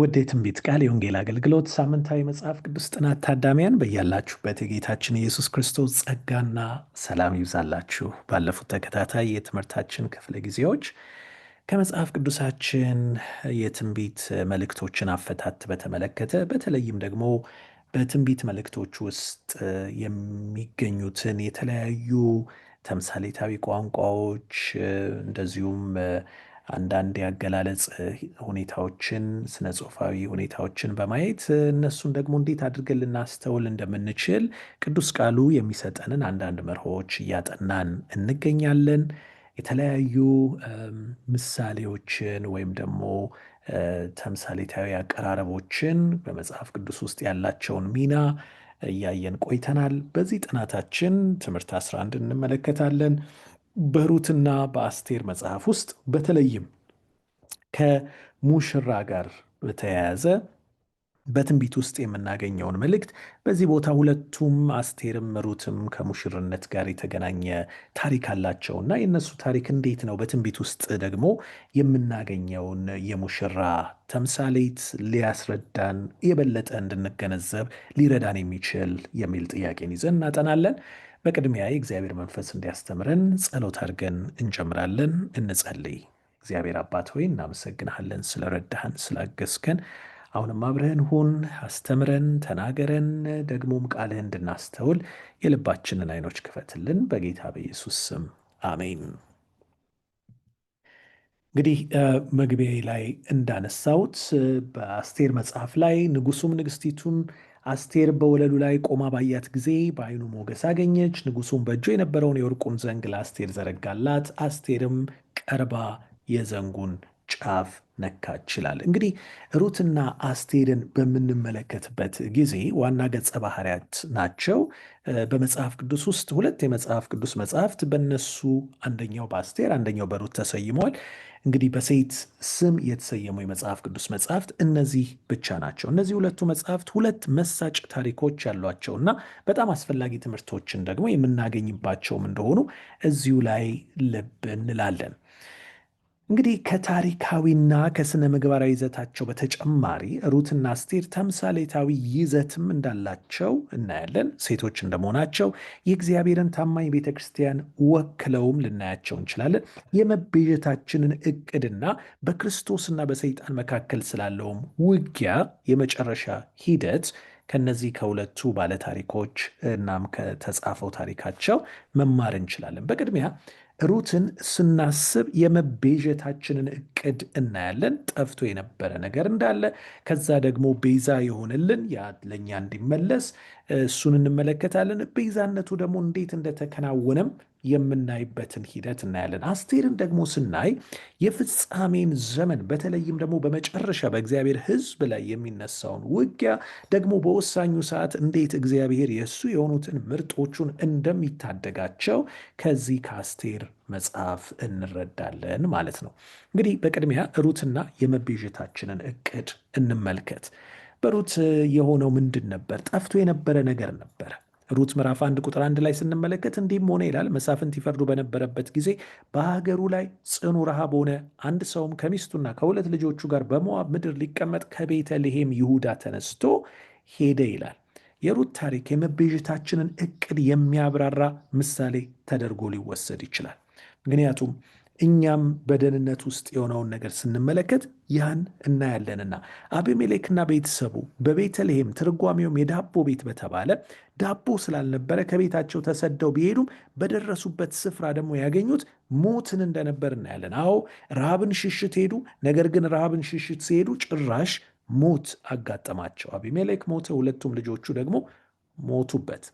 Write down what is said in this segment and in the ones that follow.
ወደ የትንቢት ቃል የወንጌል አገልግሎት ሳምንታዊ መጽሐፍ ቅዱስ ጥናት ታዳሚያን በያላችሁበት የጌታችን ኢየሱስ ክርስቶስ ጸጋና ሰላም ይብዛላችሁ። ባለፉት ተከታታይ የትምህርታችን ክፍለ ጊዜዎች ከመጽሐፍ ቅዱሳችን የትንቢት መልእክቶችን አፈታት በተመለከተ በተለይም ደግሞ በትንቢት መልእክቶች ውስጥ የሚገኙትን የተለያዩ ተምሳሌታዊ ቋንቋዎች እንደዚሁም አንዳንድ የአገላለጽ ሁኔታዎችን ስነ ጽሁፋዊ ሁኔታዎችን በማየት እነሱን ደግሞ እንዴት አድርገን ልናስተውል እንደምንችል ቅዱስ ቃሉ የሚሰጠንን አንዳንድ መርሆች እያጠናን እንገኛለን። የተለያዩ ምሳሌዎችን ወይም ደግሞ ተምሳሌታዊ አቀራረቦችን በመጽሐፍ ቅዱስ ውስጥ ያላቸውን ሚና እያየን ቆይተናል። በዚህ ጥናታችን ትምህርት 11 እንመለከታለን። በሩትና በአስቴር መጽሐፍ ውስጥ በተለይም ከሙሽራ ጋር በተያያዘ በትንቢት ውስጥ የምናገኘውን መልእክት በዚህ ቦታ ሁለቱም አስቴርም ሩትም ከሙሽርነት ጋር የተገናኘ ታሪክ አላቸውና የእነሱ ታሪክ እንዴት ነው በትንቢት ውስጥ ደግሞ የምናገኘውን የሙሽራ ተምሳሌት ሊያስረዳን የበለጠ እንድንገነዘብ ሊረዳን የሚችል የሚል ጥያቄን ይዘን እናጠናለን። በቅድሚያ የእግዚአብሔር መንፈስ እንዲያስተምረን ጸሎት አድርገን እንጀምራለን። እንጸልይ። እግዚአብሔር አባት ሆይ እናመሰግናለን ስለረዳህን፣ ስላገዝከን። አሁንም አብረህን ሁን፣ አስተምረን፣ ተናገረን። ደግሞም ቃልህ እንድናስተውል የልባችንን አይኖች ክፈትልን፣ በጌታ በኢየሱስ ስም አሜን። እንግዲህ መግቢያ ላይ እንዳነሳሁት በአስቴር መጽሐፍ ላይ ንጉሱም ንግስቲቱም አስቴር በወለሉ ላይ ቆማ ባያት ጊዜ በአይኑ ሞገስ አገኘች። ንጉሱም በእጁ የነበረውን የወርቁን ዘንግ ለአስቴር ዘረጋላት። አስቴርም ቀርባ የዘንጉን ጫፍ ነካ ይችላል። እንግዲህ ሩትና አስቴርን በምንመለከትበት ጊዜ ዋና ገጸ ባህሪያት ናቸው። በመጽሐፍ ቅዱስ ውስጥ ሁለት የመጽሐፍ ቅዱስ መጽሐፍት በነሱ አንደኛው በአስቴር አንደኛው በሩት ተሰይመዋል። እንግዲህ በሴት ስም የተሰየሙ የመጽሐፍ ቅዱስ መጽሐፍት እነዚህ ብቻ ናቸው። እነዚህ ሁለቱ መጽሐፍት ሁለት መሳጭ ታሪኮች እና በጣም አስፈላጊ ትምህርቶችን ደግሞ የምናገኝባቸውም እንደሆኑ እዚሁ ላይ ልብ እንላለን። እንግዲህ ከታሪካዊና ከስነ ምግባራዊ ይዘታቸው በተጨማሪ ሩትና ስቴር ተምሳሌታዊ ይዘትም እንዳላቸው እናያለን። ሴቶች እንደመሆናቸው የእግዚአብሔርን ታማኝ ቤተ ክርስቲያን ወክለውም ልናያቸው እንችላለን። የመቤዠታችንን እቅድና በክርስቶስና በሰይጣን መካከል ስላለውም ውጊያ የመጨረሻ ሂደት ከነዚህ ከሁለቱ ባለታሪኮች እናም ከተጻፈው ታሪካቸው መማር እንችላለን። በቅድሚያ ሩትን ስናስብ የመቤዠታችንን እቅድ እናያለን። ጠፍቶ የነበረ ነገር እንዳለ ከዛ ደግሞ ቤዛ የሆነልን ያ ለእኛ እንዲመለስ እሱን እንመለከታለን። ቤዛነቱ ደግሞ እንዴት እንደተከናወነም የምናይበትን ሂደት እናያለን። አስቴርን ደግሞ ስናይ የፍጻሜን ዘመን በተለይም ደግሞ በመጨረሻ በእግዚአብሔር ሕዝብ ላይ የሚነሳውን ውጊያ ደግሞ በወሳኙ ሰዓት እንዴት እግዚአብሔር የእሱ የሆኑትን ምርጦቹን እንደሚታደጋቸው ከዚህ ከአስቴር መጽሐፍ እንረዳለን ማለት ነው። እንግዲህ በቅድሚያ ሩትና የመቤዠታችንን እቅድ እንመልከት። በሩት የሆነው ምንድን ነበር? ጠፍቶ የነበረ ነገር ነበር? ሩት ምዕራፍ አንድ ቁጥር አንድ ላይ ስንመለከት እንዲህም ሆነ ይላል፣ መሳፍንት ይፈርዱ በነበረበት ጊዜ በሀገሩ ላይ ጽኑ ረሃብ ሆነ። አንድ ሰውም ከሚስቱና ከሁለት ልጆቹ ጋር በሞዓብ ምድር ሊቀመጥ ከቤተልሔም ይሁዳ ተነስቶ ሄደ ይላል። የሩት ታሪክ የመቤዠታችንን እቅድ የሚያብራራ ምሳሌ ተደርጎ ሊወሰድ ይችላል። ምክንያቱም እኛም በደህንነት ውስጥ የሆነውን ነገር ስንመለከት ያን እናያለንና አቤሜሌክና ቤተሰቡ በቤተልሔም ትርጓሜውም የዳቦ ቤት በተባለ ዳቦ ስላልነበረ ከቤታቸው ተሰደው ቢሄዱም በደረሱበት ስፍራ ደግሞ ያገኙት ሞትን እንደነበር እናያለን። አዎ ረሃብን ሽሽት ሄዱ። ነገር ግን ረሃብን ሽሽት ሲሄዱ ጭራሽ ሞት አጋጠማቸው። አቤሜሌክ ሞተ፣ ሁለቱም ልጆቹ ደግሞ ሞቱበት።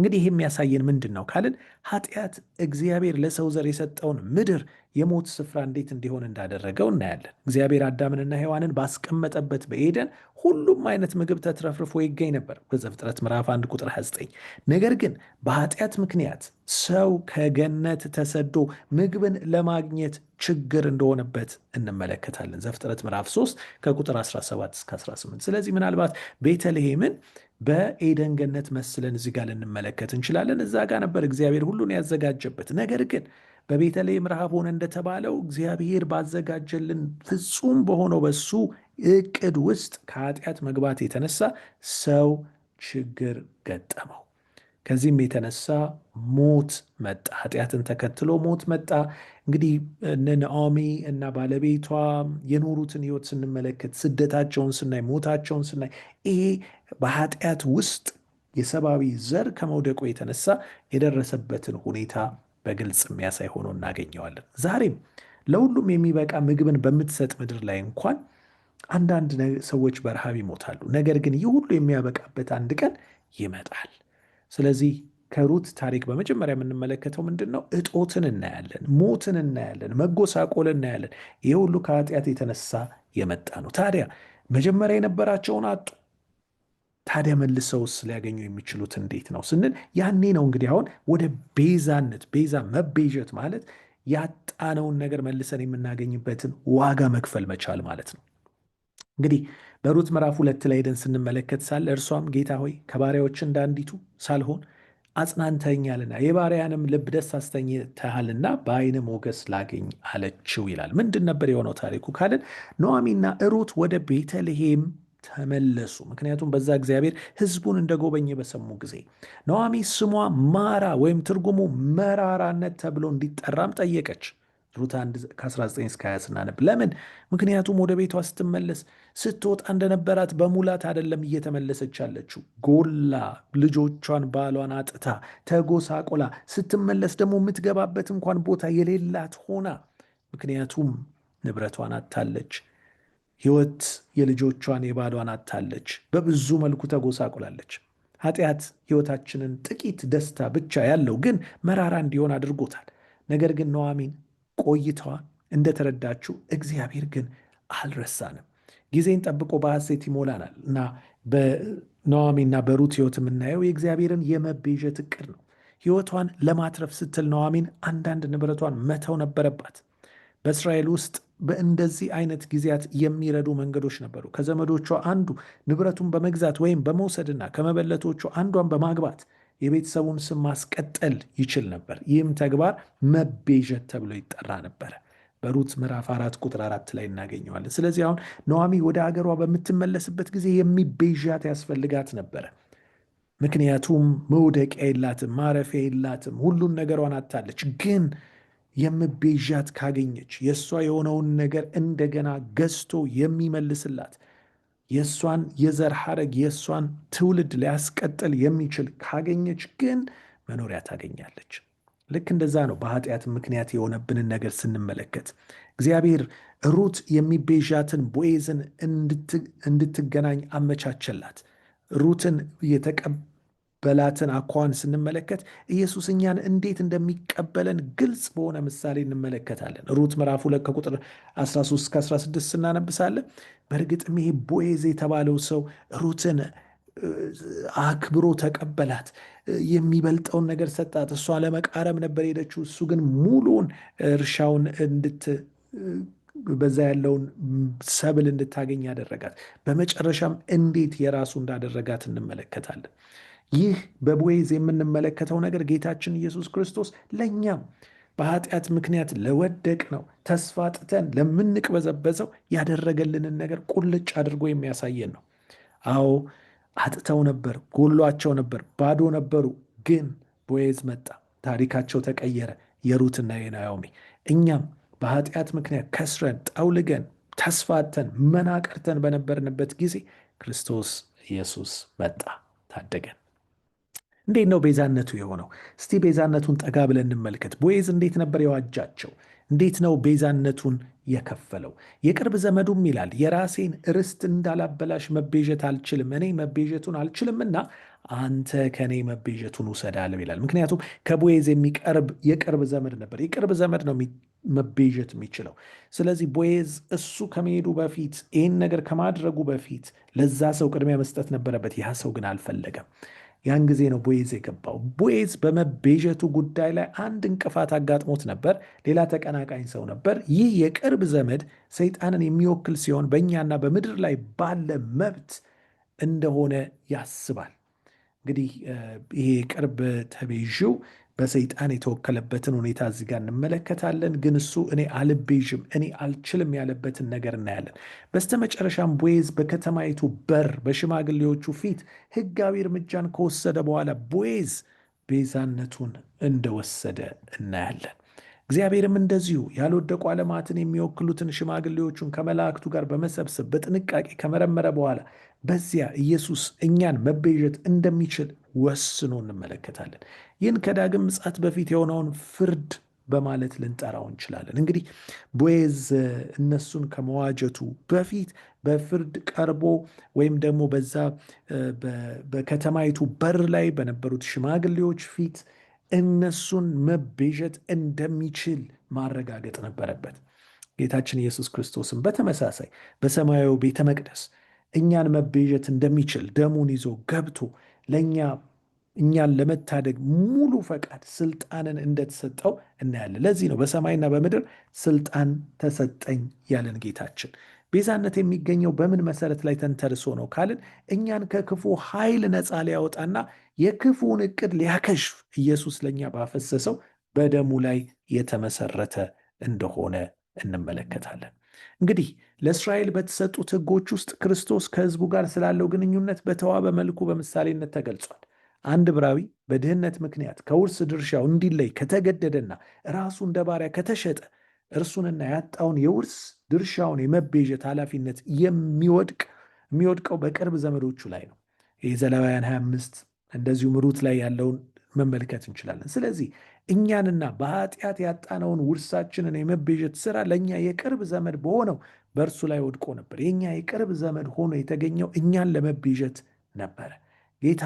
እንግዲህ ይህ የሚያሳየን ምንድን ነው ካልን ኃጢአት እግዚአብሔር ለሰው ዘር የሰጠውን ምድር የሞት ስፍራ እንዴት እንዲሆን እንዳደረገው እናያለን። እግዚአብሔር አዳምንና ሔዋንን ባስቀመጠበት በኤደን ሁሉም አይነት ምግብ ተትረፍርፎ ይገኝ ነበር በዘፍጥረት ምዕራፍ 1 ቁጥር 29። ነገር ግን በኃጢአት ምክንያት ሰው ከገነት ተሰዶ ምግብን ለማግኘት ችግር እንደሆነበት እንመለከታለን። ዘፍጥረት ምዕራፍ 3 ከቁጥር 17 እስከ 18። ስለዚህ ምናልባት ቤተልሔምን በኤደን ገነት መስለን እዚህ ጋር ልንመለከት እንችላለን። እዛ ጋር ነበር እግዚአብሔር ሁሉን ያዘጋጀበት ነገር ግን በቤተልሔም ረሃብ ሆነ እንደተባለው እግዚአብሔር ባዘጋጀልን ፍጹም በሆነው በሱ እቅድ ውስጥ ከኃጢአት መግባት የተነሳ ሰው ችግር ገጠመው። ከዚህም የተነሳ ሞት መጣ። ኃጢአትን ተከትሎ ሞት መጣ። እንግዲህ እነ ናኦሚ እና ባለቤቷ የኖሩትን ህይወት ስንመለከት፣ ስደታቸውን ስናይ፣ ሞታቸውን ስናይ ይሄ በኃጢአት ውስጥ የሰብአዊ ዘር ከመውደቁ የተነሳ የደረሰበትን ሁኔታ በግልጽ የሚያሳይ ሆኖ እናገኘዋለን። ዛሬም ለሁሉም የሚበቃ ምግብን በምትሰጥ ምድር ላይ እንኳን አንዳንድ ሰዎች በረሃብ ይሞታሉ። ነገር ግን ይህ ሁሉ የሚያበቃበት አንድ ቀን ይመጣል። ስለዚህ ከሩት ታሪክ በመጀመሪያ የምንመለከተው ምንድን ነው? እጦትን እናያለን፣ ሞትን እናያለን፣ መጎሳቆል እናያለን። ይህ ሁሉ ከኃጢአት የተነሳ የመጣ ነው። ታዲያ መጀመሪያ የነበራቸውን አጡ። ታዲያ መልሰውስ ሊያገኙ የሚችሉት እንዴት ነው ስንል ያኔ ነው እንግዲህ አሁን ወደ ቤዛነት ቤዛ መቤዠት ማለት ያጣነውን ነገር መልሰን የምናገኝበትን ዋጋ መክፈል መቻል ማለት ነው። እንግዲህ በሩት ምዕራፍ ሁለት ላይ ሄደን ስንመለከት ሳለ እርሷም ጌታ ሆይ ከባሪያዎች እንዳንዲቱ ሳልሆን አጽናንተኛልና የባሪያንም ልብ ደስ አስተኝተሃልና በአይን ሞገስ ላገኝ አለችው ይላል። ምንድን ነበር የሆነው ታሪኩ ካለን ኑዖሚና ሩት ወደ ቤተልሔም ተመለሱ። ምክንያቱም በዛ እግዚአብሔር ሕዝቡን እንደጎበኘ በሰሙ ጊዜ ነዋሚ ስሟ ማራ ወይም ትርጉሙ መራራነት ተብሎ እንዲጠራም ጠየቀች። ሩት 1 ከ19 እስከ 20 ስናነብ ለምን? ምክንያቱም ወደ ቤቷ ስትመለስ ስትወጣ እንደነበራት በሙላት አይደለም እየተመለሰች ያለችው፣ ጎላ ልጆቿን፣ ባሏን አጥታ ተጎሳቆላ ስትመለስ ደግሞ የምትገባበት እንኳን ቦታ የሌላት ሆና ምክንያቱም ንብረቷን አታለች። ሕይወት የልጆቿን የባሏን አታለች። በብዙ መልኩ ተጎሳቁላለች። ኃጢአት ሕይወታችንን ጥቂት ደስታ ብቻ ያለው ግን መራራ እንዲሆን አድርጎታል። ነገር ግን ኑዋሚን ቆይታዋ እንደተረዳችው እግዚአብሔር ግን አልረሳንም። ጊዜን ጠብቆ በሐሴት ይሞላናል እና በኑዋሚንና በሩት ሕይወት የምናየው የእግዚአብሔርን የመቤዠት እቅድ ነው። ሕይወቷን ለማትረፍ ስትል ነዋሚን አንዳንድ ንብረቷን መተው ነበረባት። በእስራኤል ውስጥ በእንደዚህ አይነት ጊዜያት የሚረዱ መንገዶች ነበሩ። ከዘመዶቿ አንዱ ንብረቱን በመግዛት ወይም በመውሰድና ከመበለቶቹ አንዷን በማግባት የቤተሰቡን ስም ማስቀጠል ይችል ነበር። ይህም ተግባር መቤዠት ተብሎ ይጠራ ነበረ። በሩት ምዕራፍ አራት ቁጥር አራት ላይ እናገኘዋለን። ስለዚህ አሁን ነዋሚ ወደ አገሯ በምትመለስበት ጊዜ የሚቤዣት ያስፈልጋት ነበረ። ምክንያቱም መውደቂያ የላትም፣ ማረፊያ የላትም፣ ሁሉን ነገሯን አታለች ግን የምቤዣት ካገኘች የእሷ የሆነውን ነገር እንደገና ገዝቶ የሚመልስላት የእሷን የዘር ሐረግ የእሷን ትውልድ ሊያስቀጥል የሚችል ካገኘች ግን መኖሪያ ታገኛለች። ልክ እንደዛ ነው። በኃጢአት ምክንያት የሆነብንን ነገር ስንመለከት እግዚአብሔር ሩት የሚቤዣትን ቦኤዝን እንድትገናኝ አመቻቸላት። ሩትን በላትን አኳን ስንመለከት ኢየሱስ እኛን እንዴት እንደሚቀበለን ግልጽ በሆነ ምሳሌ እንመለከታለን። ሩት ምዕራፍ ሁለት ከቁጥር 13 እስከ 16 ስናነብሳለን። በእርግጥም ይሄ ቦዔዝ የተባለው ሰው ሩትን አክብሮ ተቀበላት፣ የሚበልጠውን ነገር ሰጣት። እሷ ለመቃረም ነበር ሄደችው እሱ ግን ሙሉውን እርሻውን እንድት በዛ ያለውን ሰብል እንድታገኝ ያደረጋት፣ በመጨረሻም እንዴት የራሱ እንዳደረጋት እንመለከታለን። ይህ በቦይዝ የምንመለከተው ነገር ጌታችን ኢየሱስ ክርስቶስ ለእኛም በኃጢአት ምክንያት ለወደቅ ነው ተስፋ ጥተን ለምንቅበዘበዘው ያደረገልንን ነገር ቁልጭ አድርጎ የሚያሳየን ነው። አዎ አጥተው ነበር፣ ጎሏቸው ነበር፣ ባዶ ነበሩ። ግን ቦዝ መጣ፣ ታሪካቸው ተቀየረ። የሩትና የናዮሚ እኛም በኃጢአት ምክንያት ከስረን ጠውልገን ተስፋተን መናቀርተን በነበርንበት ጊዜ ክርስቶስ ኢየሱስ መጣ ታደገን። እንዴት ነው ቤዛነቱ የሆነው? እስቲ ቤዛነቱን ጠጋ ብለን እንመልከት። ቦዝ እንዴት ነበር የዋጃቸው? እንዴት ነው ቤዛነቱን የከፈለው? የቅርብ ዘመዱም ይላል የራሴን ርስት እንዳላበላሽ መቤዠት አልችልም፣ እኔ መቤዠቱን አልችልምና አንተ ከእኔ መቤዠቱን ውሰዳል ይላል። ምክንያቱም ከቦዝ የሚቀርብ የቅርብ ዘመድ ነበር። የቅርብ ዘመድ ነው መቤዠት የሚችለው። ስለዚህ ቦዝ እሱ ከመሄዱ በፊት ይህን ነገር ከማድረጉ በፊት ለዛ ሰው ቅድሚያ መስጠት ነበረበት። ያ ሰው ግን አልፈለገም። ያን ጊዜ ነው ቦዔዝ የገባው። ቦዔዝ በመቤዠቱ ጉዳይ ላይ አንድ እንቅፋት አጋጥሞት ነበር። ሌላ ተቀናቃኝ ሰው ነበር። ይህ የቅርብ ዘመድ ሰይጣንን የሚወክል ሲሆን በእኛና በምድር ላይ ባለ መብት እንደሆነ ያስባል። እንግዲህ ይሄ ቅርብ ተቤዥው በሰይጣን የተወከለበትን ሁኔታ እዚህ ጋር እንመለከታለን። ግን እሱ እኔ አልቤዥም እኔ አልችልም ያለበትን ነገር እናያለን። በስተመጨረሻም ቦዔዝ በከተማይቱ በር በሽማግሌዎቹ ፊት ሕጋዊ እርምጃን ከወሰደ በኋላ ቦዔዝ ቤዛነቱን እንደወሰደ እናያለን። እግዚአብሔርም እንደዚሁ ያልወደቁ ዓለማትን የሚወክሉትን ሽማግሌዎቹን ከመላእክቱ ጋር በመሰብሰብ በጥንቃቄ ከመረመረ በኋላ በዚያ ኢየሱስ እኛን መቤዠት እንደሚችል ወስኖ እንመለከታለን። ይህን ከዳግም ምጽአት በፊት የሆነውን ፍርድ በማለት ልንጠራው እንችላለን። እንግዲህ ቦዝ እነሱን ከመዋጀቱ በፊት በፍርድ ቀርቦ ወይም ደግሞ በዛ በከተማይቱ በር ላይ በነበሩት ሽማግሌዎች ፊት እነሱን መቤዠት እንደሚችል ማረጋገጥ ነበረበት። ጌታችን ኢየሱስ ክርስቶስም በተመሳሳይ በሰማያዊ ቤተ መቅደስ እኛን መቤዠት እንደሚችል ደሙን ይዞ ገብቶ ለእኛ እኛን ለመታደግ ሙሉ ፈቃድ ስልጣንን እንደተሰጠው እናያለን። ለዚህ ነው በሰማይና በምድር ስልጣን ተሰጠኝ ያለን ጌታችን። ቤዛነት የሚገኘው በምን መሰረት ላይ ተንተርሶ ነው ካልን እኛን ከክፉ ኃይል ነፃ ሊያወጣና የክፉውን እቅድ ሊያከሽፍ ኢየሱስ ለእኛ ባፈሰሰው በደሙ ላይ የተመሰረተ እንደሆነ እንመለከታለን። እንግዲህ ለእስራኤል በተሰጡት ሕጎች ውስጥ ክርስቶስ ከሕዝቡ ጋር ስላለው ግንኙነት በተዋበ መልኩ በምሳሌነት ተገልጿል። አንድ ዕብራዊ በድህነት ምክንያት ከውርስ ድርሻው እንዲለይ ከተገደደና ራሱ እንደ ባሪያ ከተሸጠ እርሱንና ያጣውን የውርስ ድርሻውን የመቤዠት ኃላፊነት የሚወድቅ የሚወድቀው በቅርብ ዘመዶቹ ላይ ነው። የዘሌዋውያን 25 እንደዚሁም ሩት ላይ ያለውን መመልከት እንችላለን። ስለዚህ እኛንና በኃጢአት ያጣነውን ውርሳችንን የመቤዠት ስራ ለእኛ የቅርብ ዘመድ በሆነው በእርሱ ላይ ወድቆ ነበር። የእኛ የቅርብ ዘመድ ሆኖ የተገኘው እኛን ለመቤዠት ነበረ። ጌታ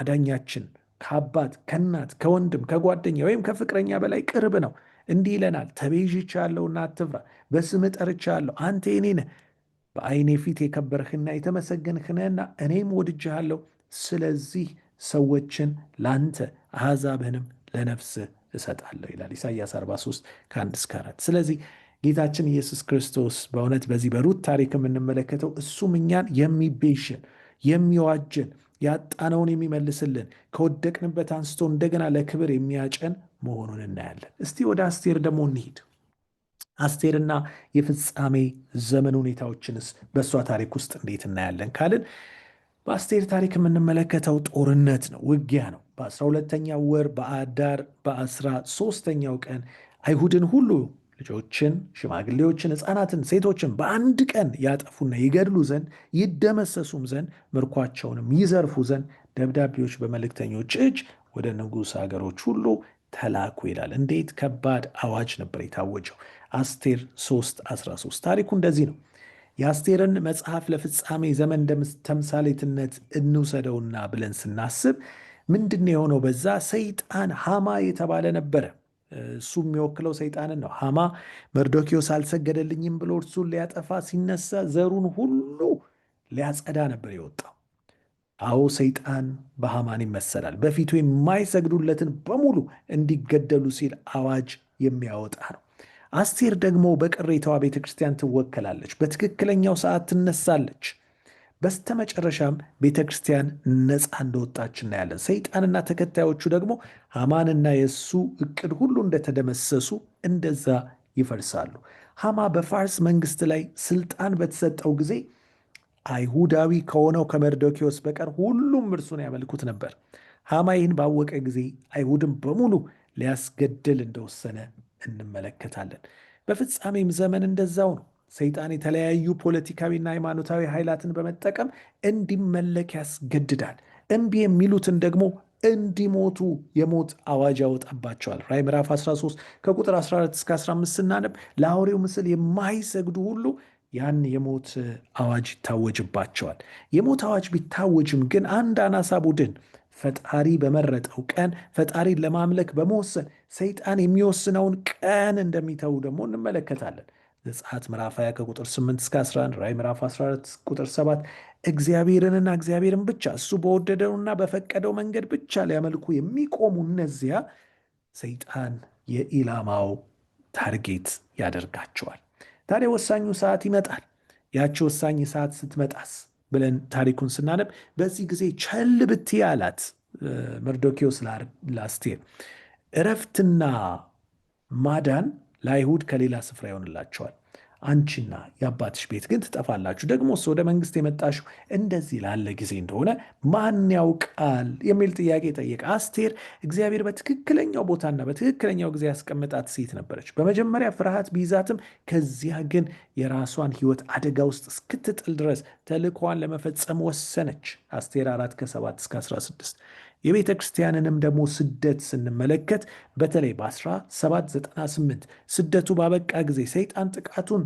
አዳኛችን ከአባት ከእናት ከወንድም ከጓደኛ ወይም ከፍቅረኛ በላይ ቅርብ ነው። እንዲህ ይለናል፣ ተቤዥቻለሁና አትፍራ፣ በስምህ ጠርቼሃለሁ፣ አንተ የኔ ነህ። በዓይኔ ፊት የከበርህና የተመሰገንህ ነህና እኔም ወድጄሃለሁ። ስለዚህ ሰዎችን ላንተ አሕዛብህንም ለነፍስህ እሰጣለሁ ይላል ኢሳያስ 43 ከአንድ 1 እስከ አራት ስለዚህ ጌታችን ኢየሱስ ክርስቶስ በእውነት በዚህ በሩት ታሪክ የምንመለከተው እሱም እኛን የሚቤዥን የሚዋጅን ያጣነውን የሚመልስልን ከወደቅንበት አንስቶ እንደገና ለክብር የሚያጨን መሆኑን እናያለን። እስቲ ወደ አስቴር ደግሞ እንሂድ። አስቴርና የፍጻሜ ዘመን ሁኔታዎችንስ በእሷ ታሪክ ውስጥ እንዴት እናያለን ካልን በአስቴር ታሪክ የምንመለከተው ጦርነት ነው፣ ውጊያ ነው። በአስራ ሁለተኛው ወር በአዳር በአስራ ሶስተኛው ቀን አይሁድን ሁሉ ልጆችን፣ ሽማግሌዎችን፣ ሕፃናትን፣ ሴቶችን በአንድ ቀን ያጠፉና ይገድሉ ዘንድ ይደመሰሱም ዘንድ ምርኳቸውንም ይዘርፉ ዘንድ ደብዳቤዎች በመልእክተኞች እጅ ወደ ንጉሥ ሀገሮች ሁሉ ተላኩ ይላል። እንዴት ከባድ አዋጅ ነበር የታወጀው! አስቴር 3 13 ታሪኩ እንደዚህ ነው። የአስቴርን መጽሐፍ ለፍጻሜ ዘመን ተምሳሌትነት እንውሰደውና ብለን ስናስብ ምንድን የሆነው? በዛ ሰይጣን ሃማ የተባለ ነበረ። እሱ የሚወክለው ሰይጣንን ነው። ሃማ መርዶኪዎስ አልሰገደልኝም ብሎ እርሱን ሊያጠፋ ሲነሳ ዘሩን ሁሉ ሊያጸዳ ነበር የወጣው። አዎ ሰይጣን በሃማን ይመሰላል። በፊቱ የማይሰግዱለትን በሙሉ እንዲገደሉ ሲል አዋጅ የሚያወጣ ነው። አስቴር ደግሞ በቅሬታዋ ቤተ ክርስቲያን ትወከላለች። በትክክለኛው ሰዓት ትነሳለች። በስተመጨረሻም ቤተ ክርስቲያን ነፃ እንደወጣች እናያለን። ሰይጣንና ተከታዮቹ ደግሞ ሃማንና የእሱ እቅድ ሁሉ እንደተደመሰሱ እንደዛ ይፈርሳሉ። ሃማ በፋርስ መንግስት ላይ ስልጣን በተሰጠው ጊዜ አይሁዳዊ ከሆነው ከመርዶኪዎስ በቀር ሁሉም እርሱን ያመልኩት ነበር። ሃማ ይህን ባወቀ ጊዜ አይሁድን በሙሉ ሊያስገድል እንደወሰነ እንመለከታለን። በፍጻሜም ዘመን እንደዛው ነው። ሰይጣን የተለያዩ ፖለቲካዊና ሃይማኖታዊ ኃይላትን በመጠቀም እንዲመለክ ያስገድዳል። እምቢ የሚሉትን ደግሞ እንዲሞቱ የሞት አዋጅ ያወጣባቸዋል። ራይ ምዕራፍ 13 ከቁጥር 14 እስከ 15 ስናነብ ለአውሬው ምስል የማይሰግዱ ሁሉ ያን የሞት አዋጅ ይታወጅባቸዋል። የሞት አዋጅ ቢታወጅም ግን አንድ አናሳ ቡድን ፈጣሪ በመረጠው ቀን ፈጣሪን ለማምለክ በመወሰን ሰይጣን የሚወስነውን ቀን እንደሚተዉ ደግሞ እንመለከታለን። ዘጸአት ምዕራፍ 20 ከቁጥር 8 እስከ 11 ራዕይ ምዕራፍ 14 ቁጥር 7 እግዚአብሔርንና እግዚአብሔርን ብቻ እሱ በወደደውና በፈቀደው መንገድ ብቻ ሊያመልኩ የሚቆሙ እነዚያ ሰይጣን የኢላማው ታርጌት ያደርጋቸዋል። ታዲያ ወሳኙ ሰዓት ይመጣል። ያቺ ወሳኝ ሰዓት ስትመጣስ ብለን ታሪኩን ስናነብ በዚህ ጊዜ ቸል ብት አላት መርዶኪዎስ ላስቴር እረፍትና ማዳን ለአይሁድ ከሌላ ስፍራ ይሆንላቸዋል፣ አንቺና የአባትሽ ቤት ግን ትጠፋላችሁ። ደግሞስ ወደ መንግስት የመጣሽው እንደዚህ ላለ ጊዜ እንደሆነ ማን ያውቃል? የሚል ጥያቄ ጠየቀ። አስቴር እግዚአብሔር በትክክለኛው ቦታና በትክክለኛው ጊዜ ያስቀመጣት ሴት ነበረች። በመጀመሪያ ፍርሃት ቢይዛትም፣ ከዚያ ግን የራሷን ህይወት አደጋ ውስጥ እስክትጥል ድረስ ተልኳን ለመፈጸም ወሰነች። አስቴር 4 ከ7 እስከ 16 የቤተ ክርስቲያንንም ደግሞ ስደት ስንመለከት በተለይ በ1798 ስደቱ ባበቃ ጊዜ ሰይጣን ጥቃቱን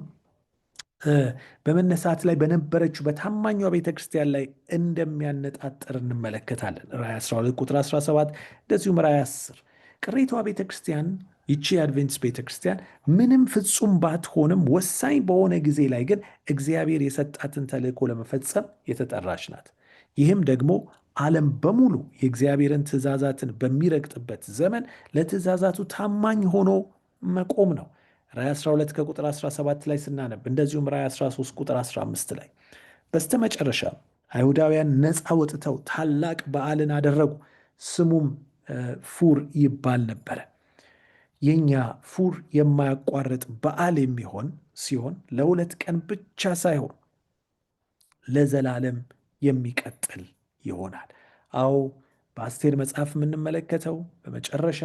በመነሳት ላይ በነበረችው በታማኟ ቤተ ክርስቲያን ላይ እንደሚያነጣጠር እንመለከታለን። ራይ 12 ቁጥር 17 እንደዚሁም ራይ 10 ቅሬቷ ቤተ ክርስቲያን ይቺ የአድቬንትስ ቤተ ክርስቲያን ምንም ፍጹም ባትሆንም ወሳኝ በሆነ ጊዜ ላይ ግን እግዚአብሔር የሰጣትን ተልእኮ ለመፈጸም የተጠራች ናት። ይህም ደግሞ ዓለም በሙሉ የእግዚአብሔርን ትእዛዛትን በሚረግጥበት ዘመን ለትእዛዛቱ ታማኝ ሆኖ መቆም ነው። ራይ 12 ከቁጥር 17 ላይ ስናነብ እንደዚሁም ራይ 13 ቁጥር 15 ላይ በስተመጨረሻ አይሁዳውያን ነፃ ወጥተው ታላቅ በዓልን አደረጉ። ስሙም ፉር ይባል ነበረ። የእኛ ፉር የማያቋርጥ በዓል የሚሆን ሲሆን ለሁለት ቀን ብቻ ሳይሆን ለዘላለም የሚቀጥል ይሆናል። አዎ በአስቴር መጽሐፍ የምንመለከተው በመጨረሻ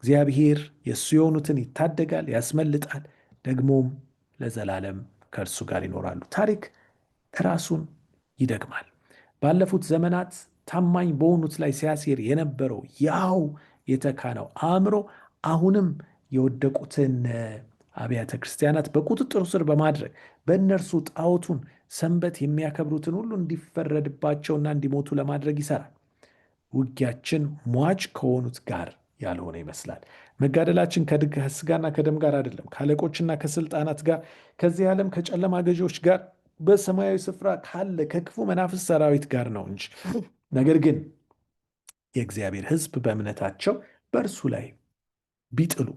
እግዚአብሔር የእሱ የሆኑትን ይታደጋል፣ ያስመልጣል፣ ደግሞም ለዘላለም ከእርሱ ጋር ይኖራሉ። ታሪክ ራሱን ይደግማል። ባለፉት ዘመናት ታማኝ በሆኑት ላይ ሲያሴር የነበረው ያው የተካነው አእምሮ አሁንም የወደቁትን አብያተ ክርስቲያናት በቁጥጥሩ ስር በማድረግ በእነርሱ ጣዖቱን ሰንበት የሚያከብሩትን ሁሉ እንዲፈረድባቸውና እንዲሞቱ ለማድረግ ይሰራል። ውጊያችን ሟች ከሆኑት ጋር ያልሆነ ይመስላል። መጋደላችን ከስጋና ከደም ጋር አይደለም፣ ከአለቆችና ከስልጣናት ጋር፣ ከዚህ ዓለም ከጨለማ ገዢዎች ጋር፣ በሰማያዊ ስፍራ ካለ ከክፉ መናፍስ ሰራዊት ጋር ነው እንጂ። ነገር ግን የእግዚአብሔር ሕዝብ በእምነታቸው በእርሱ ላይ ቢጥሉ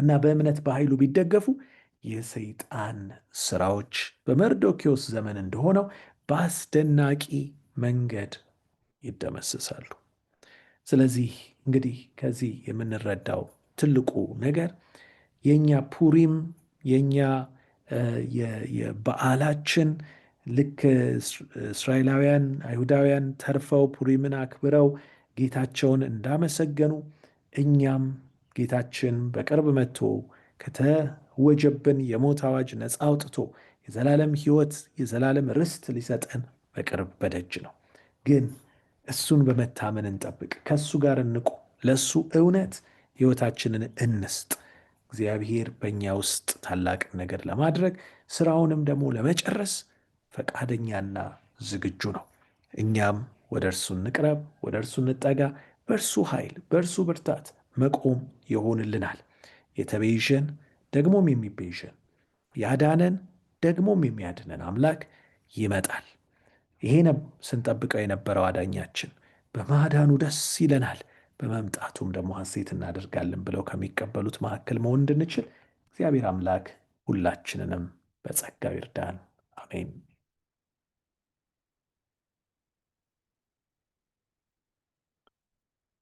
እና በእምነት በኃይሉ ቢደገፉ የሰይጣን ስራዎች በመርዶኪዎስ ዘመን እንደሆነው በአስደናቂ መንገድ ይደመሰሳሉ። ስለዚህ እንግዲህ ከዚህ የምንረዳው ትልቁ ነገር የእኛ ፑሪም የእኛ የበዓላችን ልክ እስራኤላውያን አይሁዳውያን ተርፈው ፑሪምን አክብረው ጌታቸውን እንዳመሰገኑ እኛም ጌታችን በቅርብ መጥቶ ከተ ከወጀብን የሞት አዋጅ ነፃ አውጥቶ የዘላለም ሕይወት የዘላለም ርስት ሊሰጠን በቅርብ በደጅ ነው። ግን እሱን በመታመን እንጠብቅ፣ ከእሱ ጋር እንቁ፣ ለእሱ እውነት ሕይወታችንን እንስጥ። እግዚአብሔር በእኛ ውስጥ ታላቅ ነገር ለማድረግ ስራውንም ደግሞ ለመጨረስ ፈቃደኛና ዝግጁ ነው። እኛም ወደ እርሱ እንቅረብ፣ ወደ እርሱ እንጠጋ። በእርሱ ኃይል፣ በእርሱ ብርታት መቆም ይሆንልናል። የተቤዥን ደግሞም የሚቤዥን ያዳነን ደግሞም የሚያድነን አምላክ ይመጣል። ይሄ ስንጠብቀው የነበረው አዳኛችን በማዳኑ ደስ ይለናል፣ በመምጣቱም ደግሞ ሐሴት እናደርጋለን ብለው ከሚቀበሉት መካከል መሆን እንድንችል እግዚአብሔር አምላክ ሁላችንንም በጸጋው ይርዳን። አሜን።